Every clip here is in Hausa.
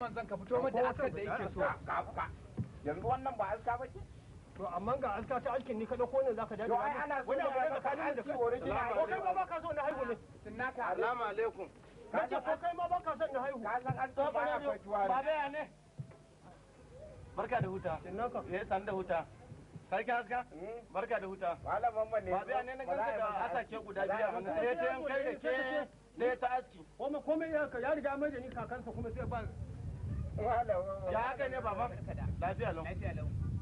manzan ka fito mata askar da yake so yanzu wannan ba aska ba ce to amma ga aska ta aikin ni ka dauko ne zaka ana da ko kai ma baka so na haihu ne tunaka assalamu alaikum ko kai ma son na haihu ka san an tsaba ne ba da ya ne barka da huta eh san da huta sarki hmm? barka da huta malam mamman ne ba da ne da asake guda da eh, ke ta aski komai komai ya riga mai da ni kakansa kuma sai ba ya haka ne baba lafiya lau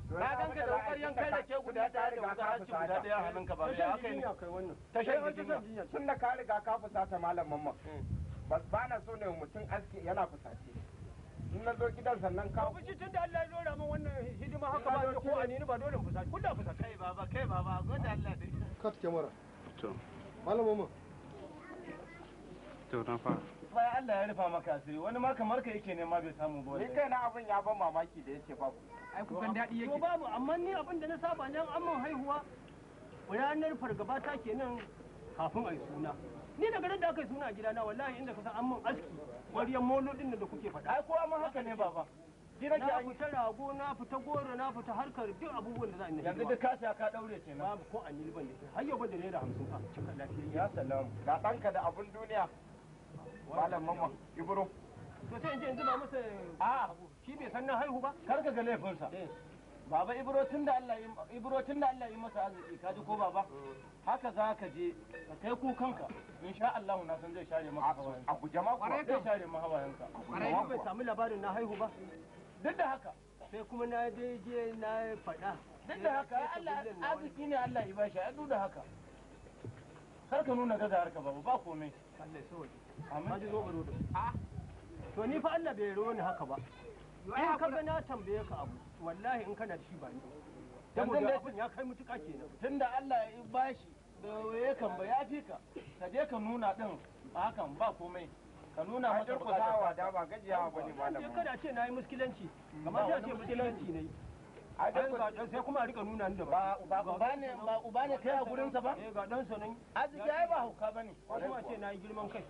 na ka da ƙwaryan kai da ke guda da hanci guda ɗaya hannun ka ba ya haka ne ta shan jinya tun da ka riga ka fusata malam mamman mm. ba na so ne mutum yana fusace in na zo gidan sannan ka fushi tun da Allah ya min wannan hidima haka ba ko a ba dole fusace kullum fusace kai baba kai baba gode Allah dai kat kamera to malam mamman to na fara fa ya Allah ya rufa maka asiri wani ma kamar ka yake nema bai samu ba ni na abin ya ban mamaki da yake babu ai ku kukan daɗi yake to babu amma ni abin da na saba nan amma haihuwa ranar fargaba ta kenan kafin a yi suna ni da garin da aka yi suna a gidana wallahi inda ka san amman aski wariyan molodin da kuke faɗa ai ko amma haka ne baba na fita rago na fita goro na fita harkar duk abubuwan da za a yi yanzu duk kasa ka daure ce na babu ko a nilban da ke har yau da naira hamsin a cikin lafiya ya salamu Ga ɗanka da abun duniya malam mamma ibro to sai in je in zuba masa a shi bai san na haihu ba kar ka ga laifinsa eh. baba ibro tun da Allah ibro tun Allah yi masa arziki ka ji ko baba haka za ka je ka kai kukanka insha Allah na san zai share maka hawayen a guje ma kuwa zai share maka hawayen ka kwarai bai samu labarin na haihu ba duk da haka sai kuma na dai je na faɗa duk da haka Allah arziki ne Allah ya bashi a duk da haka kar ka nuna gaza harka baba ba komai Allah ya sauke amma ji zo baro da to ni fa Allah bai roni haka ba in ka ga na tambaye ka abu wallahi in kana da shi ba ni dan zan da ya kai mutuka kenan tunda Allah ya bashi da ya kan ba ya fi ka ka je ka nuna din ba hakan ba komai ka nuna mata bukatar da ba gajiyawa bane malamu kada ce nayi muskilanci mm, kamar sai ce muskilanci ne a dan sai kuma a rika nuna ni da ba ba uba ne ba uba ne kai a gurin sa ba eh ga dan sanin arziki ai ba hauka bane kuma ce nayi girman kai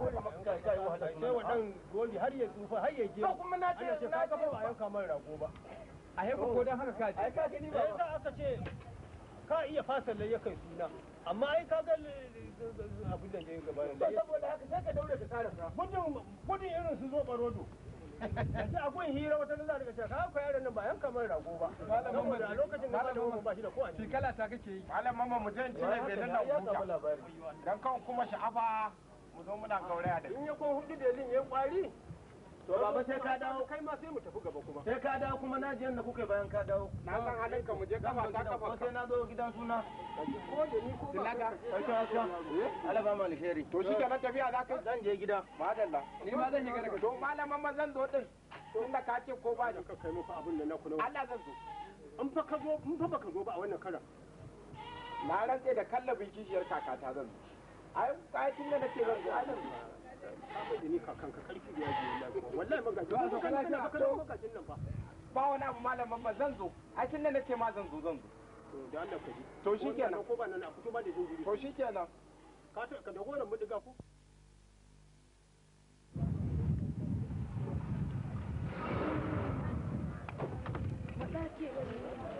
kai kai wahala wannan goli har ya tsufa har ya je kuma na ce na ga ba yanka mai rago ba a haifa ko dan haka kaje ai ka gani ba sai aka ce ka iya fasa lai kai suna amma ai ka ga abin da ya gaba da saboda haka sai ka daure ka tsara sa gudun gudun irin su zo barodo yanzu akwai hira wata da za a cewa ka ka yaran nan ba yanka mai rago ba malamin ba a lokacin da malamin ba shi da kowa ne kala ta kake yi malamin ba mutum ce ne bai da lafiya dan kan kuma sha'aba ku zo muna gauraya da in ya da ka ma sai kuma sai ka dawo na yanda bayan ka dawo na san halin ka mu kafa ta kafa ko sai ko da ni ko ba eh? Allah ba to tafiya za ka zan je gida madalla ni ma zan to malaman zan zo din tunda ka ce ko ba ni ka kai fa abin da na kula Allah zan zo in fa ka zo zo ba a wannan karan na rantse da kallabin kishiyar kakata zan zo ai kayatin da ke ban da karfi da yaji wallahi ba kan kana nan ba ba wani abu ba zan zo ai tun da ma zan zo zan zo da Allah ka ji to shikenan ko ba nan a fito ba da to shikenan ka ka Thank you.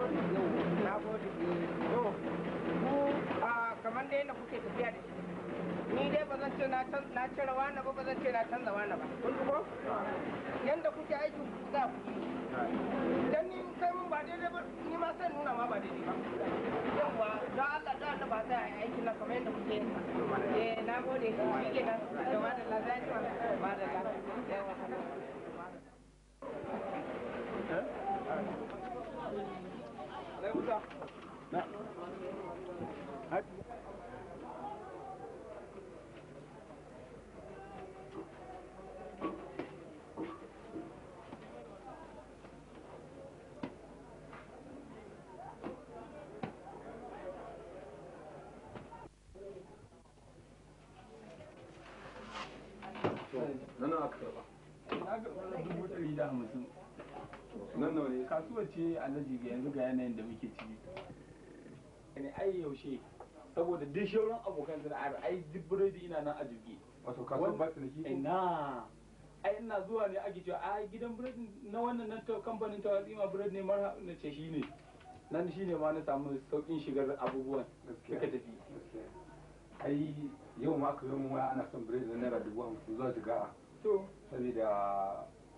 kamar dai na kuke tafiya da shi ni dai ba zan ce na cire wani ba ba zan ce na canza wani ba kun dubo kuke aikin ku za ku dan ni kai mun ba daidai ba ni ma sai nuna ma ba daidai ba yawa da Allah da Allah ba sai ai aikin na kamar yadda kuke eh na gode shi kenan da madalla zai ma madalla mutuwa ce alhaji ga yanzu ga yanayin da muke ciki eh, ne ai yaushe saboda duk shauran abokan sana'ar ai duk burodi ina nan a jirgi wato kasuwar ba ciniki ina ai ina zuwa ne ake cewa a gidan burodi na wannan nan ta kamfanin ta wasu burodi ne mara na ce shi ne nan shi ne ma na samu saukin shigar abubuwan suka tafi ai yau ma aka yi waya ana son biredi na naira dubu hamsin zuwa shiga to saboda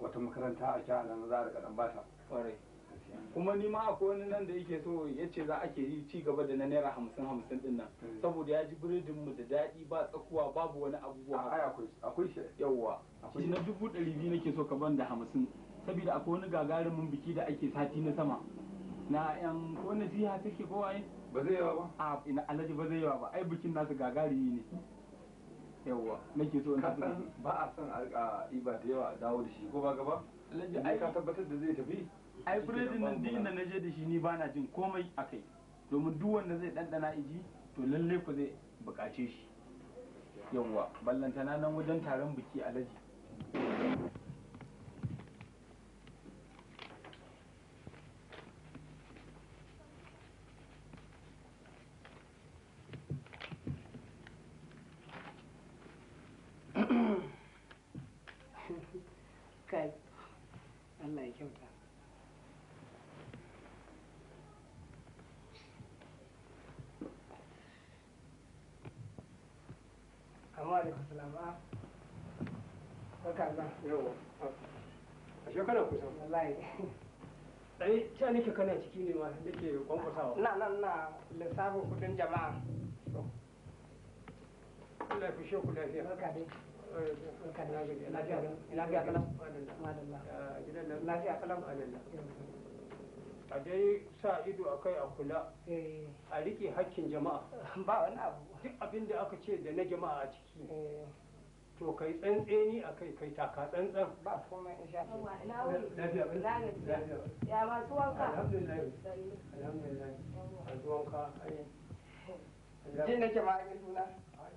wata makaranta a kyanan za a da kadan bata kwarai kuma ni ma akwai wani nan da yake so ya ce za a ke yi ci gaba da na naira hamsin hamsin din nan mm. saboda ya ji biredin mu da daɗi ba tsakuwa babu wani abubuwa ai akwai akwai shi yawa shi na dubu ɗari biyu nake so ka ban da hamsin saboda akwai wani gagarumin biki da ake sati na sama na yan ko jiha take ko waye ba zai yawa ba a ina alhaji ba zai yawa ba ai bikin nasu gagari ne yawa nake so na ba a son a iba da yawa a dawo da shi ko ba gaba alhaji ai ka tabbatar da zai tafi ai biredin nan din da na je da shi ni bana jin komai akai domin duk wanda zai ɗanɗana iji to lalle ku zai bukace shi yawa ballantana nan wajen taron biki alaji ba a kusa nake kana ciki ne ma nake kwankwasawa na na na lissafin kudin jama'a Allah ya ku lafiya barka dai barka da lafiya lafiya lafiya a dai sa ido a kai a kula eh. a rike hakkin jama'a ba wani abu duk abin da aka ce da na jama'a a ciki eh. to kai tsantseni a kai kai taka tsantsan ba kuma in sha ya masu wanka alhamdulillah alhamdulillah masu wanka jin nake ma a suna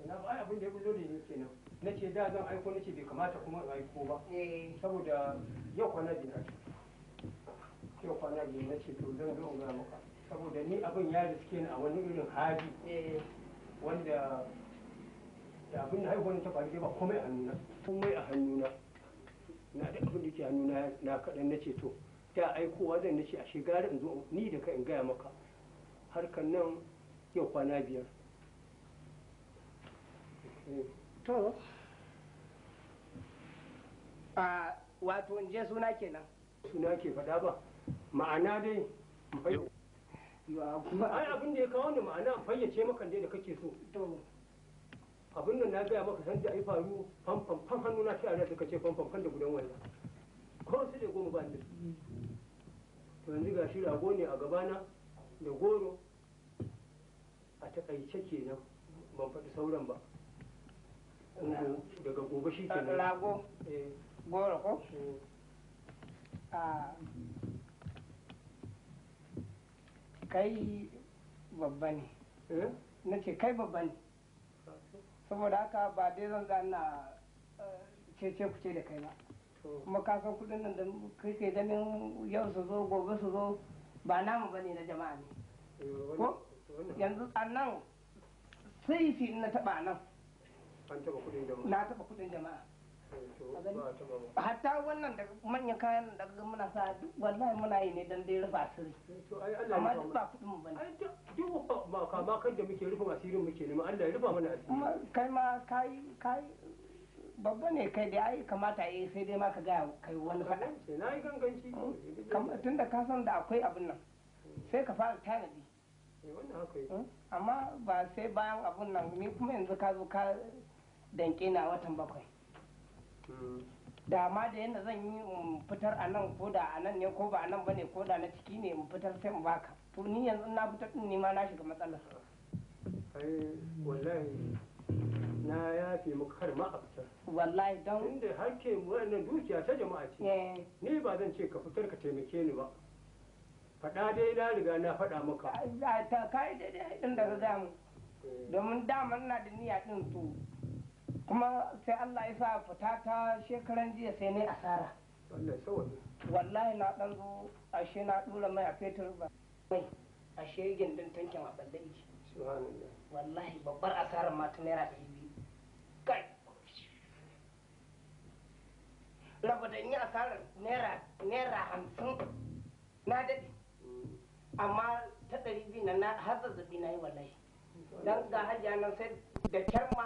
ina ba abin da ya bullo da ni kenan nace da zan aiko nake bai kamata kuma aiko ba eh. saboda yau kwanar da biyar yau kwana biyu na ce to zan zo ga maka saboda ni abin ya riske ni a wani irin hali eh. wanda da abin da ta faru ba komai a komai a hannuna na da abin da ke hannuna na kaɗan na ce to aikowa zan nace a in zo ni da ka in gaya maka harkan nan yau kwana biyar to a wato in je suna kenan suna ke faɗa ba ma'ana dai ai abin da ya kawo ni ma'ana fayyace maka dai da kake so abin nan na gaya maka san da ai faru fanfan fan hannu na shi a rai suka ce fanfan fan da gudan ko su da goma ba ni to yanzu ga shi rago ne a gabana da goro a takaice kenan ban faɗi sauran ba daga gobe shi kenan rago eh. goro ko eh. ah. kai babba ne eh, na ce kai babba ne saboda haka ba dai zan zana eh, cece kuce da kai ba kuma kasan kudin nan da kake ganin yau su zo gobe su zo ba namu ne na jama'a ne eh, ko yanzu nan sai fi na taba nan na taba kudin jama'a hatta wannan da manyan kayan da ga muna sa duk wallahi muna yi ne dan dai rufa asiri amma duk ba kudin mu bane duk ba ka ma kai da muke rufa asirin muke ne ma Allah ya rufa mana asiri kai ma kai kai babba ne kai da ai kamata a yi sai dai ma ka ga kai wani faɗa na yi ganganci tun da ka san da akwai abin nan sai ka fara tanadi eh, hmm? amma ba sai bayan abun nan ni kuma yanzu ka zo ka danke na watan bakwai da ma da yadda zan yi fitar a nan ko da a nan ne ko ba a nan ba ne ko da na ciki ne fitar sai in baka to ni yanzu na fitar din ne ma na shiga matsalar ai wallahi na yafe muka har ma a fitar wallahi don inda harke wannan dukiya ta jama'a ce eh. ni ba zan ce ka fitar ka taimake ni ba faɗa dai na riga na faɗa maka ta kai daidai din da ka mu eh. domin daman na da niyya din to kuma sai Allah ya sa fita ta shekaran jiya sai ne asara wallahi na dan zo ashe na dura mai a fetur ba mai ashe gindin tankin a balle yake wallahi babbar asara ma ta naira ɗari biyu kai raba da yi asarar naira naira hamsin na daɗe mm. amma ta ɗari biyu na har zazzabi na yi wallahi dan ga hajiya nan sai da kyar ma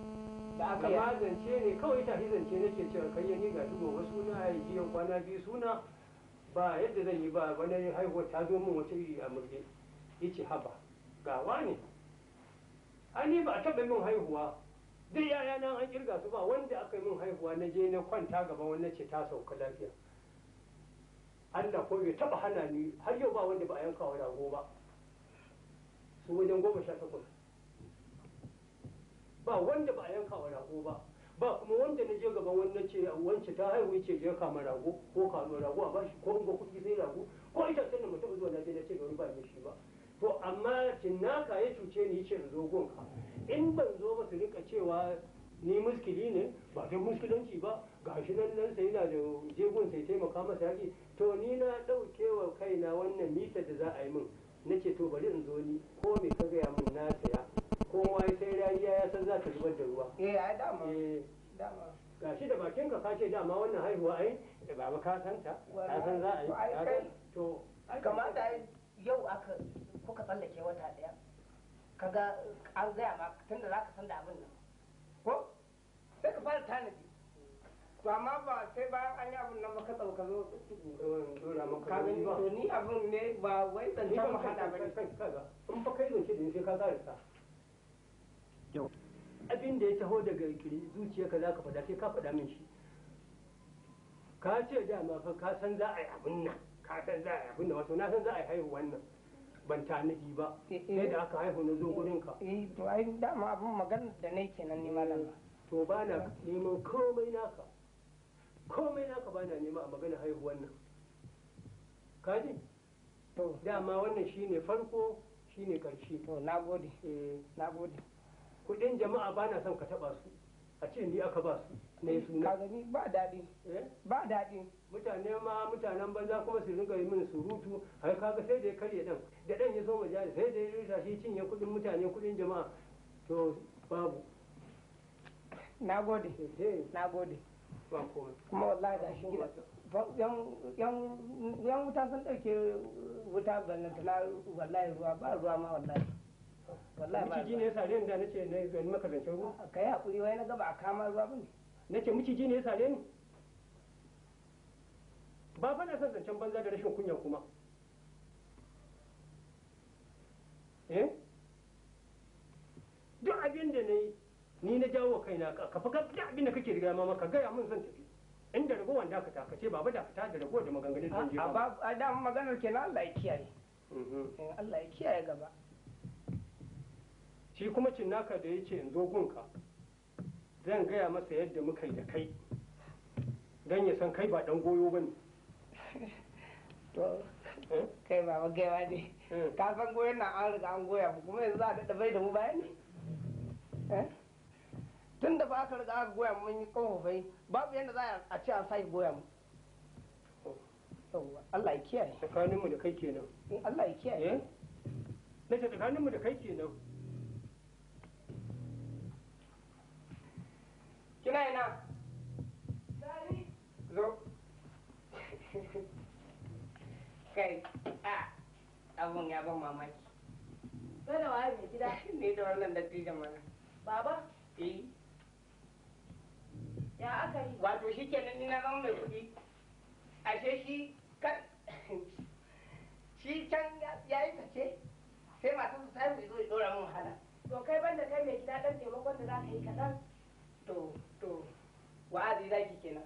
da aka zance ne kawai tashi zance ke cewa kai yi ni ga su gobe suna ya ji kwana biyu suna ba yadda zan yi ba wani haihuwar ta zo min wata iri a murge yace haba gawa ne ani ba a taɓa min haihuwa duk yaya na an kirga su ba wanda aka yi min haihuwa na je na kwanta gaba wani ce ta sauka lafiya Allah ko bai taɓa hana ni har yau ba wanda ba a yanka wa rago ba su wajen goma sha takwas ba wanda ba a yanka wa rago ba ba kuma wanda na je gaban wannan ce wance ta haihu ce ya kama rago ko kano rago a bashi ko in ga kuɗi sai rago ko ita tunda mutum zuwa na je na ce wani ba mai shi ba to amma cinnaka ya cuce ni ce in zo gonka in ban zo ba su rika cewa ni muskili ne ba ta muskilanci ba gashi shi nan nan sai yana da jegun sai taimaka masa yaki to ni na ɗauke wa kaina wannan mitar da za a yi min nake ce to bari in zo ni ko me ka ya mun na saya kowa sai iya ya san za ta zubar da ruwa eh ai dama Ga shi da bakin ka kace dama wannan haihuwa ai da baba ka san ta ka san za a yi to kamata ai yau aka kuka tsallake wata daya kaga an gaya ma tunda za ka san da abin nan ko sai ka fara tanadi to amma ba sai bayan an yi abin nan maka tsauka zo ka gani ni abin ne ba wai zancen mahada ba ne in ba kai zance da sai ka tsare yau abin da ya taho daga kiri zuciya ka za ka faɗa sai ka faɗa min shi ka ce dama fa ka san za a yi abin nan ka san za a yi abin nan wato na san za a yi haihu wannan ban tanadi ba sai da aka haihu na zo gurin ka eh, eh to ai dama abin magana da nai kenan ne malam eh, to ba na neman komai naka komai naka ba na nema a magana haihu wannan ka ji to dama wannan shine farko shine karshe to nagode eh nagode kudin jama'a ba na son ka taba su a ce ni aka ba su ne suna ka gani ba daɗi eh? ba daɗi mutane ma mutanen banza kuma su riga yi min surutu har kaga sai da ya karye dan da dan ya zo mu jari sai da ya rusa shi cinye kudin mutane kudin jama'a to babu na gode eh. na gode kuma wallahi da shi yan wuta sun ɗauke wuta ballantana wallahi ruwa ba ruwa ma wallahi wallahi ba ne yasa da nace na maka kai hakuri wai na gaba a kama ruwa bane nace miciji ne yasa ba fa na san zancen banza da rashin kunya kuma eh duk abin da nayi ni na jawo kaina ka fa duk abin da kake riga ma maka gaya mun zan tafi inda ragowar wanda ka ce baba dakata da ragowar da maganganun da je ba a da maganar kenan Allah ya kiyaye mhm. eh, Allah ya kiyaye gaba shi kuma cinnaka da ya ce in zo gunka zan gaya masa yadda muka yi da kai don ya san kai ba dan goyo ba ne to eh? kai ba ba ne eh. ka san goyon na an riga an goya mu kuma yanzu za a daɗa da mu bayan ne eh? tun da ba aka riga aka goya mun yi kofofai babu yadda za a ce an sake goya mu Allah ya kiyaye tsakaninmu da kai kenan Allah ya kiyaye na ce tsakaninmu da kai kenan kina ina zo kai a abun ya ban mamaki kada wa mai gida ne da wannan dattijan mana baba eh ya aka yi wato shi kenan ina zama mai kuɗi ashe shi kan shi can ya yi kace sai masu su sai mu zo ya dora mun wahala to kai banda kai mai gida dan taimakon da za ka yi kaɗan to to wa'azi zaki kenan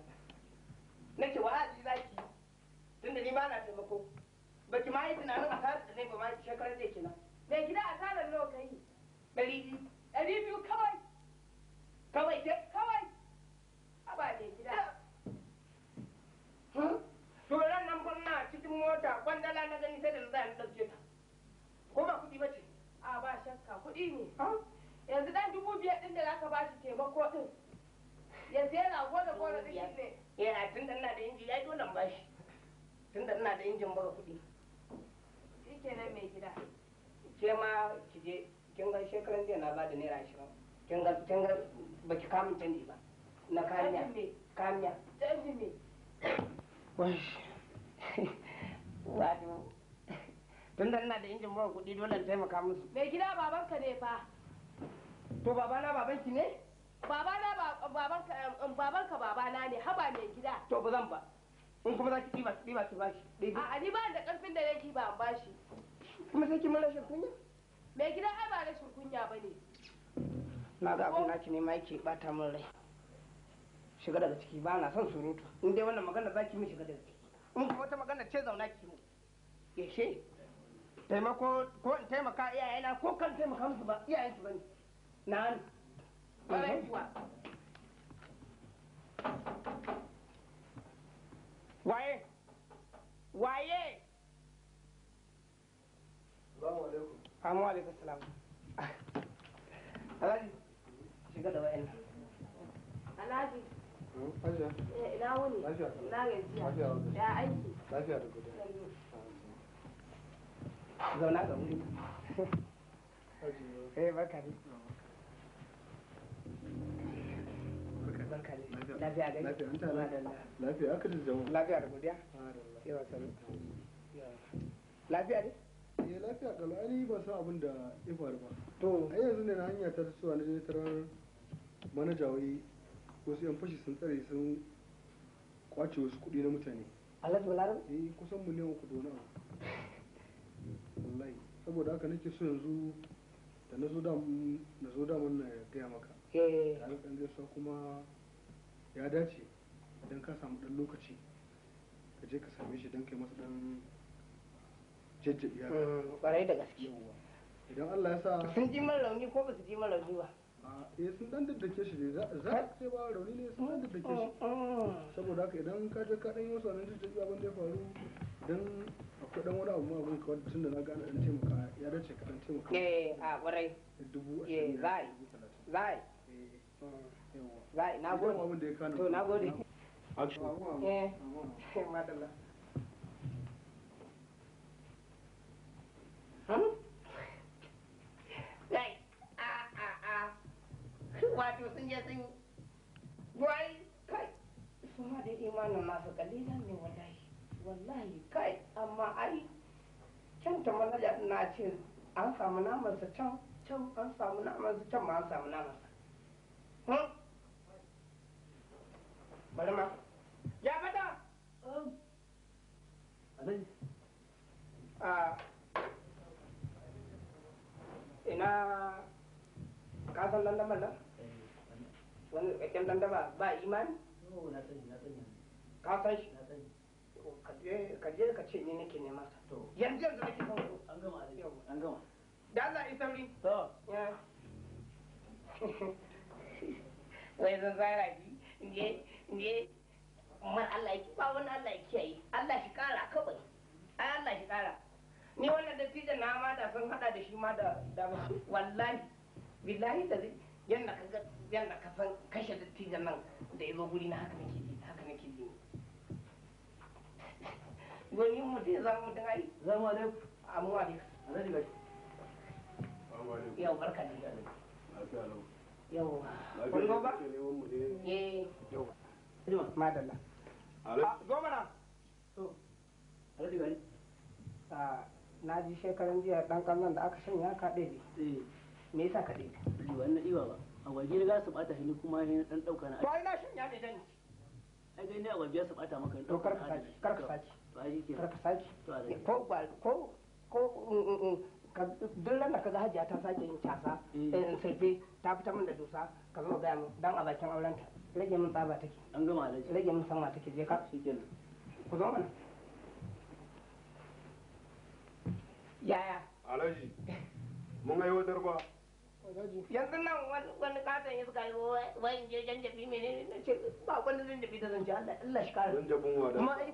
nake wa'azi zaki tunda ni ba na taimako baki ma yi tunanin asarar da zai ba ma shekarar da kenan mai gida asarar nawa kai ɗari biyu ɗari biyu kawai kawai ke kawai a ba da gida to ran nan gwamna cikin mota kwandala na gani sai da na zai ɗauke ta ko ba kuɗi ba ce a ba shakka kuɗi ne yanzu dan dubu biyar din da zaka ba shi taimako din yanzu yana gona gona din ne yana tun da ina da inji ya dole wannan bashi tun da ina da injin buga kuɗi shikenan mai gida ke ma ki je kin ga shekaran jiya na bada naira ashirin kin ga kin ga baki kamun canji ba na kamiya kamiya canji me wai wato tun da ina da injin buga kuɗi dole in taimaka musu mai gida babanka ne fa To babana babanki ne? Babana um, babanka babana ne haba mai gida. To ba zan ba. In kuma za ki ɗiba ki ɗiba ki bashi. A'a ni ba da ƙarfin da yake ba an bashi. Kuma sai ki mun rashin kunya? Mai gida ai ba rashin kunya ba ne. Na ga abin naki ne ma yake bata min rai. Shiga daga ciki ba na son surutu. In dai wannan magana za ki min shiga daga ciki. In kuma wata magana ce zauna ki mu. Yeshe. Taimako ko in taimaka iyayena ko kan taimaka musu ba iyayensu ba ne. Na'am. Mhm. Waye? Waye? Salamu alaikum. alaikum Alhaji, shiga da wa'in. Alhaji. Hmm, lafiya. Eh, ina wuni. Lafiya. Ina gajiya. Ya aiki. Lafiya da gudu. Zauna ga wuri. Eh, barka barka ne lafiya gari lafiya an tara lafiya aka da jawo lafiya da godiya yawa sanu lafiya ne eh lafiya kalau ai ba sa abin da ya faru ba to ai yanzu ne na hanya ta tsuwa na je tarar manaja wai wasu yan fashi sun tsare sun kwace wasu kuɗi na mutane alhaji balaran eh kusan miliyan uku da wani abu wallahi saboda haka nake so yanzu da na zo da na gaya maka eh an gaisa kuma ya dace idan ka samu dan lokaci ka je ka same shi don kai masa dan jajjabi ya kwarai mm, da gaske idan Allah ya sa sun ji mara rauni ko ba ji mara rauni ba eh sun dan daddake shi ne za a ce ba rauni ne sun dan daddake shi mm, mm. saboda haka idan ka je ka dan yi wasu wannan jajjabi abin da ya faru idan akwai dan wani abu ma abin ka wanda tunda na gane dan taimaka ya dace ka dan taimaka eh a kwarai dubu eh, za a yi za a yi eh. Right, na gode. To, na gode. Eh, hmm? Right. Ah, ah, ah. Wato sun je sun Wai, kai. Su ma da imanin masu kalilan ne wallahi. Wallahi, kai, amma ai can ta manaja na ce an samu can, can an samu can ma an samu Hmm? bari ma ya fata um. a ah. ina kasan landamar nan wani kakken landama ba imani oh, ka shi ka ka ce ni nake sa yanzu yanzu nake kan an gama an gama da Allah yi sauri to wai zan zara ne man Allah ya ba wani Allah ya kiyaye Allah shi kara kawai ai Allah shi kara ni wannan da na ma da sun hada da shi ma da da wallahi billahi da zai yanda ka ga yanda ka san kashe da nan da yazo guri na haka nake haka nake ji goni mu dai za mu dai za mu dai amma eh. yau barka da yau yau ba yau Ah, ah, na ji shekaran jiya dan kallon da aka shanya ka eh. me yasa ka wannan kar ka saki kar ka saki ko ko mm, mm, mm, ko hajiya ta sake yin casa eh. Eh, in ta fita min da dusa ka zo ga dan a bakin aurenta rage min tsaba take an gama alaji rage min sama take je ka shikenan ku zo mana yaya alaji mun ga yodar ba yanzu nan wani katon ya suka yi wani je jan jabi mene na ce ba wani zan jabi da zance Allah Allah shi kare jan jabin wada kuma ai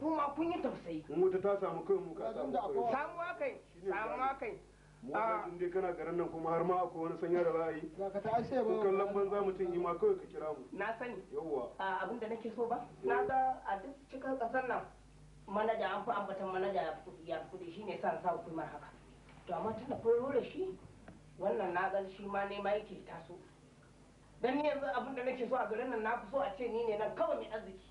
ku ma kun yi tausayi mu ta samu kai mu ka samu kai samu kai samu kai in dai ah. kana garin nan kuma har ma ko wani sanya da ra'ayi za ka ta ashe ba kan lamban za mutum yi ma kawai ka kira mu na sani yawwa ah, abin da nake so ba eh. na ga a duk cikin kasar nan manaja an fi ambatan manaja ya fi ya fi shine san sa ku mar haka to amma tana furo da shi wannan na gan shi ma ne ma yake taso dan ni yanzu abin da nake so a garin nan na fi so a ce ni ne nan kawai mai arziki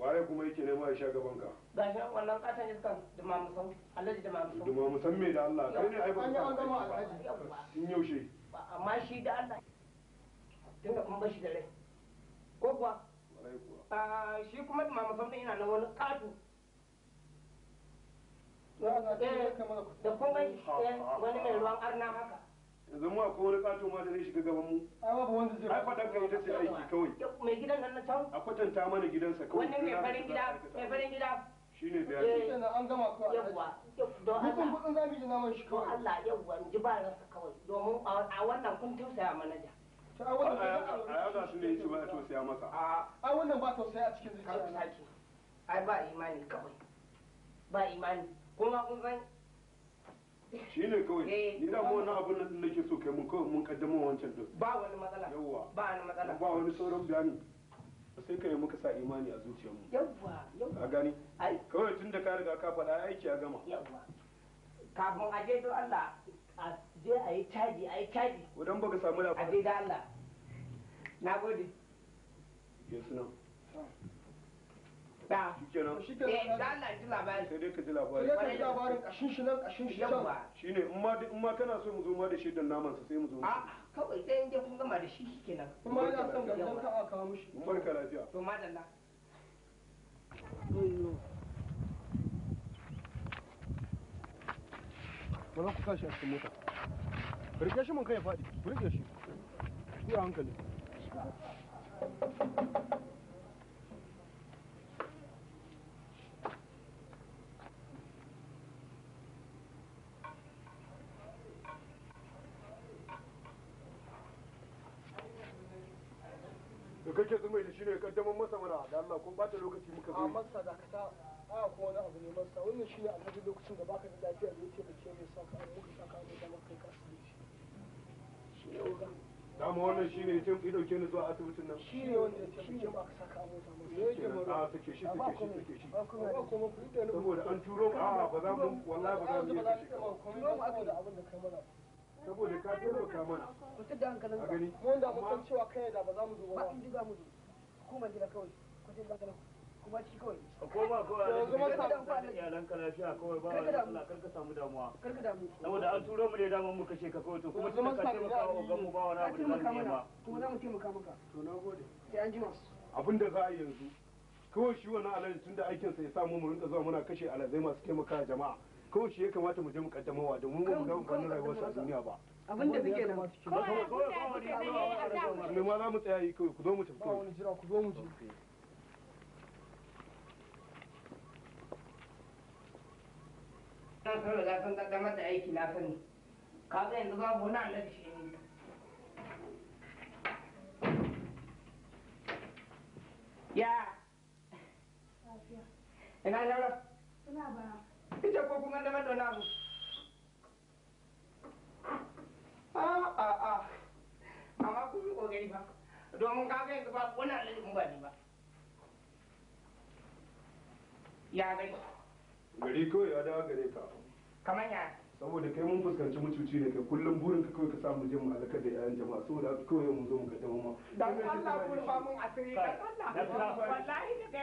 waye kuma yake nema ya sha gaban ka ga shi wannan katon iskan dumamusan alhaji dumamusan dumamusan me da Allah kai ne ai ba an gama alhaji tun yaushe amma shi da Allah tun da kun bashi da rai ko kuwa shi kuma dumamusan din ina na wani katu da kuma wani mai ruwan arna haka yanzu mu akwai wani kato ma da zai shiga gaban mu ai babu wanda zai ai fadan kai ita ce aiki kawai mai gidan nan na can a kwatanta mana gidansa kawai wannan mai farin gida mai farin gida shine da yake eh, kenan an gama ko yawa don Allah kun kudin zamu ji naman shi kawai Allah yawa ji ba rasa kawai domin a wannan kun tausaya manaja a wannan su ne yake ba a tausaya masa a wannan ba tausaya a cikin zuciya ai ba imani kawai ba imani kuma kun san shi ne kawai eh. ni da mu wani abin da nake so kai mun kawai mun kaddama wancan din ba wani matsala yawa ba wani matsala ba wani sauran bayani sai kai muka sa imani a zuciyarmu yawa yawa a gani kawai tun da ka riga ka faɗa aiki ya gama yawa kafin a je don Allah a je a yi caji a yi caji wadan baka samu a je da Allah na gode yesu nan Eh, da shi da kana so mu zo ma da shi naman sa sai mu zo a kawai sai in je kun gama da shi kenan kuma ina son ka a kawo mishi barka lafiya to madalla ba za ku a cikin mota rike shi mun kai faɗi rike shi hankali ce son mai da shi ne kaddamar masa mana da Allah kun bata lokaci muka zo masa da ka ko wani abu ne masa wannan shi ne alhaji lokacin da baka da lafiya da yake da ke mai saka an muka saka mai da maka ka asibiti shi ne wannan dama wannan shi ne tun ido ke ni zuwa asibitin nan shi ne wanda ya shi mu ka saka ka mu ne ke mara a take shi take shi take shi saboda an turo mu ah, a ba za mu wallahi ba za mu yi shi turo mu aka da abin da kai mana saboda ka taimaka mana mutum da hankalin kuma gani mun da cewa kai da ba za mu duba ba in mu kawai kuma ci kawai ko ba ko yanzu ma ka da iyalan lafiya kawai ba Allah karka samu damuwa karka damu saboda an turo mu ne daman mu kashe ka kawai to kuma tun ka taimaka wa gan ba wani abu da zan yi ba kuma za mu taimaka maka to na gode sai an ji za a yanzu kawai shi wannan tun da aikinsa ya samu mu rinka zuwa muna kashe alazai masu taimaka jama'a kawai shi ya kamata mu je mu kaddamarwa domin ba mu ga amfanin rayuwarsa a duniya ba abin da suke nan mai ma za mu tsaya yi kawai ku zo mu tafi kawai ku zo mu tafi kan san da sun kaddamar da aiki na sani kaga yanzu babu wani annabi shi ne ya ina lara ita ko da namu a ah, a ah, a ah. amma kun yi ba domin yanzu ba wani ba ba ya gari gari ya dawo ka kamar ya saboda kai mun fuskanci mucuci ne kai kullum burin ka kawai ka samu je mu da yayan jama'a saboda haka kawai mu zo mu gaddama ma da Allah kurba mun asiri dan Allah wallahi da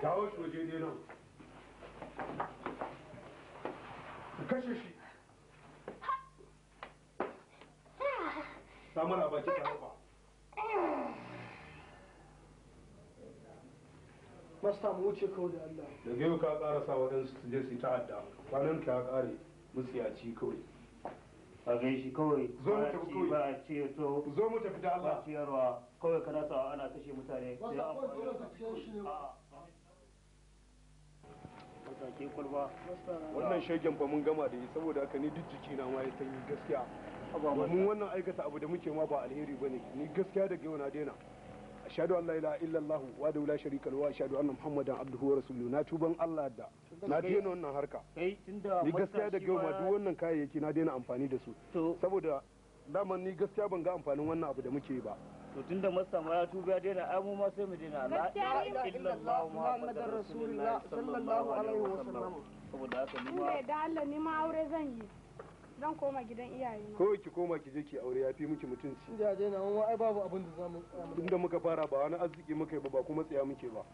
kawo shi waje dai nan kashe shi samun a baki ta ba Masta mu wuce kawai da Allah. Daga yau ka kara sa waɗansu su je su ta'adda. Kwanan ka ya ci kawai. a gan shi kawai zo mu tafi ba a ce to zo mu tafi da Allah ciyarwa kawai kana sawa ana kashe mutane sai a ke kwalba wannan shagen fa mun gama da yi saboda haka ni duk jiki na ma ya sanyi gaskiya mun wannan aikata abu da muke ma ba alheri bane ni gaskiya da gewa na daina ashhadu an la ilaha illallah wa da la sharika lahu wa ashhadu anna muhammadan abduhu wa rasuluhu na tuban Allah da na daina wannan harka ni gaskiya da gewa ma duk wannan kayayyaki na daina amfani da su saboda daman ni gaskiya ban ga amfanin wannan abu da muke ba to tunda masta ma ya tuba ya daina ai mu ma sai mu daina la ilaha illallah muhammadar rasulullah sallallahu alaihi wasallam saboda haka ni ma da Allah ni ma aure zan yi zan koma gidan iyaye ko ki koma ki je ki aure ya fi miki mutunci da daina wani ai babu abin da zamu inda muka fara ba wani arziki muka yi ba ba kuma tsaya muke ba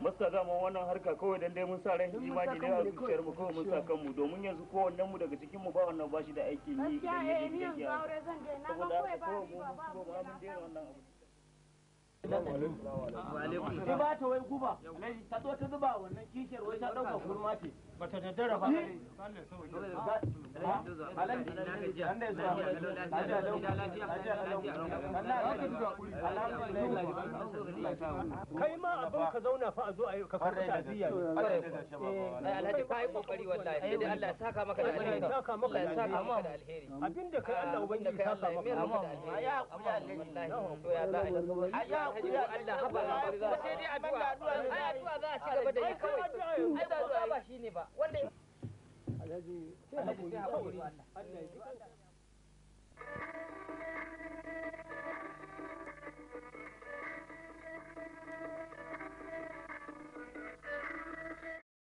masta mu wannan harka kawai dan dai mun sa ran imani ne a zuciyar mu kawai mun sa mu domin yanzu wannan mu daga cikin mu ba wannan bashi da aikin yi idan ya je eh, yake saboda kawai mu ba mun dena wannan abu ta ba ta wai guba ta zo ta zuba wannan kishiyar wai ta ɗauka kurma ce ba ta daddara ba kai ma abin ka zauna fa a zo a yi ka fara ta'aziyya eh. alhaji ka yi kokari wallahi sai dai Allah ya saka maka da alheri saka maka da alheri kai Allah saka maka ya ya alhaji ko Allah haba ba sai dai addu'a ai addu'a za a ci gaba da yi kawai ai da addu'a ba shine ba wanda alhaji sai hakuri Allah ya ji